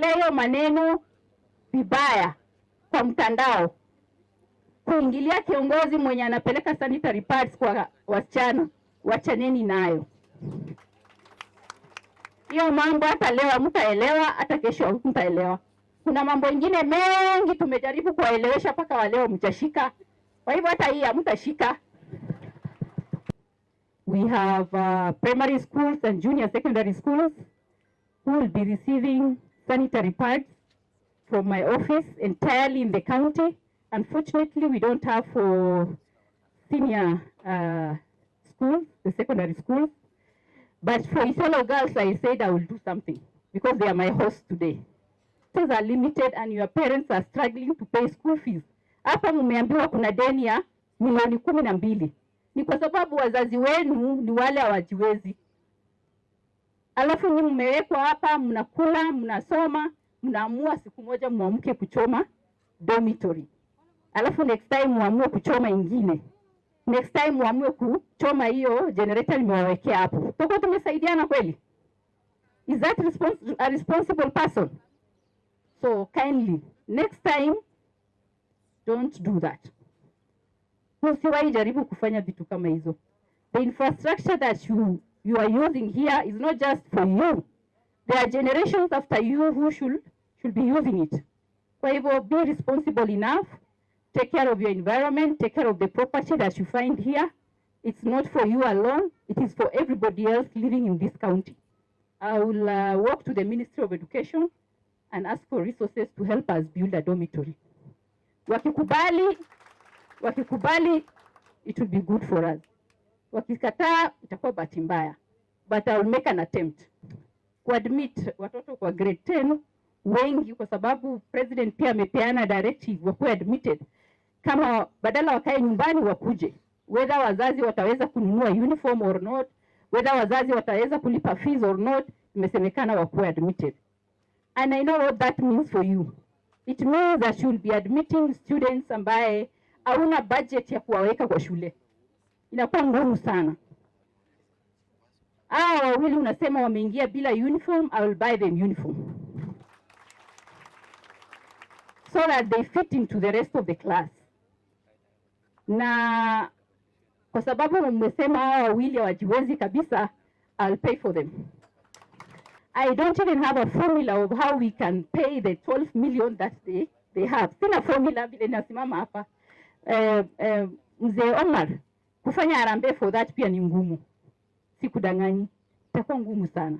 Leo maneno vibaya kwa mtandao, kuingilia kiongozi mwenye anapeleka sanitary pads kwa wasichana, wachaneni nayo hiyo mambo. Hata leo mtaelewa hata kesho mtaelewa. Kuna mambo ingine mengi tumejaribu kuwaelewesha mpaka leo mtashika. kwa hivyo hata hii hamtashika. We have uh, primary schools and junior secondary schools who will be receiving sanitary pads from my office entirely in the county. Unfortunately, we don't have for senior uh, schools, the secondary schools. But for Isolo girls, I said I will do something because they are my host today. Things are limited and your parents are struggling to pay school fees. Hapa mmeambiwa kuna deni ya milioni kumi na mbili. Ni kwa sababu wazazi wenu ni wale hawajiwezi alafu nyinyi mmewekwa hapa, mnakula, mnasoma, mnaamua siku moja muamke kuchoma dormitory, alafu next time muamue kuchoma ingine, next time muamue kuchoma hiyo generator nimewawekea hapo. Tutakuwa tumesaidiana kweli? Is that respons a responsible person? So kindly next time don't do that. Usiwahi jaribu kufanya vitu kama hizo. The infrastructure that you you are using here is not just for you. There are generations after you who should, should be using it. So be responsible enough, take care of your environment, take care of the property that you find here. It's not for you alone, it is for everybody else living in this county. I will uh, walk to the Ministry of Education and ask for resources to help us build a dormitory. Wakikubali, wakikubali, it will be good for us. Wakikataa itakuwa bahati mbaya, but I will make an attempt kuadmit watoto kwa grade 10 wengi, kwa sababu president pia amepeana directive wakuwe admitted, kama badala wakae nyumbani wakuje, whether wazazi wataweza kununua uniform or not, whether wazazi wataweza kulipa fees or not, imesemekana wakuwe admitted. And I know what that means for you. It means that you'll be admitting students ambaye hauna budget ya kuwaweka kwa shule inakuwa ngumu sana. Hawa wawili unasema wameingia bila uniform, I will buy them uniform so that they fit into the rest of the class. Na kwa sababu mmesema hawa wawili hawajiwezi kabisa, I'll pay for them. I don't even have a formula of how we can pay the 12 million that they, they have. Sina formula vile nasimama hapa. Uh, uh, Mzee Omar Kufanya harambee for that pia ni ngumu, sikudanganyi, itakuwa ngumu sana.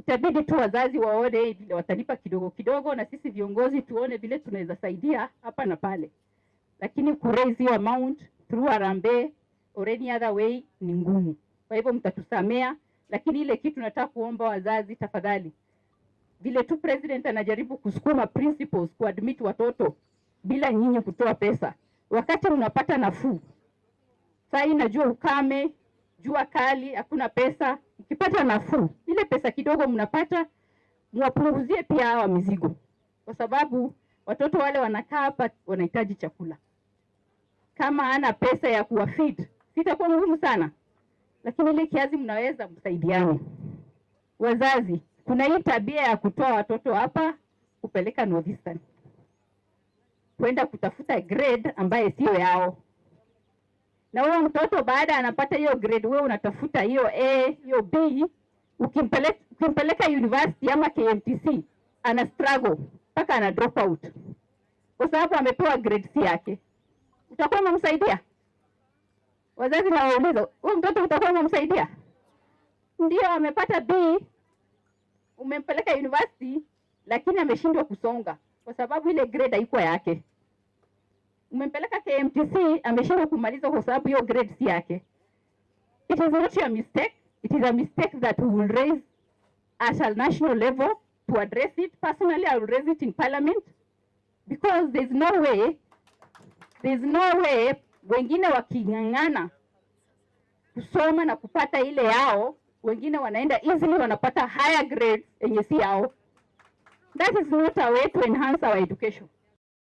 Itabidi tu wazazi waone vile watalipa kidogo kidogo, na sisi viongozi tuone vile tunaweza saidia hapa na pale, lakini ku raise your amount through harambee or any other way ni ngumu. Kwa hivyo mtatusamea, lakini ile kitu nataka kuomba wazazi, tafadhali, vile tu president anajaribu kusukuma principals admit watoto bila nyinyi kutoa pesa, wakati unapata nafuu Saa hii najua ukame, jua kali, hakuna pesa. Mkipata nafuu, ile pesa kidogo mnapata, mwapunguzie pia hawa mizigo, kwa sababu watoto wale wanakaa hapa wanahitaji chakula. Kama ana pesa ya kuwafeed, sitakuwa ngumu sana, lakini ile kiasi mnaweza msaidiane. Wazazi, kuna hii tabia ya kutoa watoto hapa kupeleka North Eastern kwenda kutafuta grade ambaye siyo yao na huyo mtoto baada anapata hiyo grade, wewe unatafuta hiyo A hiyo B. Ukimpeleka, ukimpeleka university ama KMTC ana struggle mpaka ana drop out kwa sababu amepewa grade C yake. Utakuwa umemsaidia? Wazazi na wauliza, huyu mtoto utakuwa umemsaidia? Ndio, amepata B, umempeleka university, lakini ameshindwa kusonga kwa sababu ile grade haikuwa yake umempeleka KMTC, ameshindwa kumaliza kwa sababu hiyo grades yake. It is not a mistake, it is a mistake that we will raise at a national level to address it. Personally, I will raise it in parliament because there is no way, there is no way wengine waking'ang'ana kusoma na kupata ile yao, wengine wanaenda easily wanapata higher grades yenye si yao. That is not a way to enhance our education.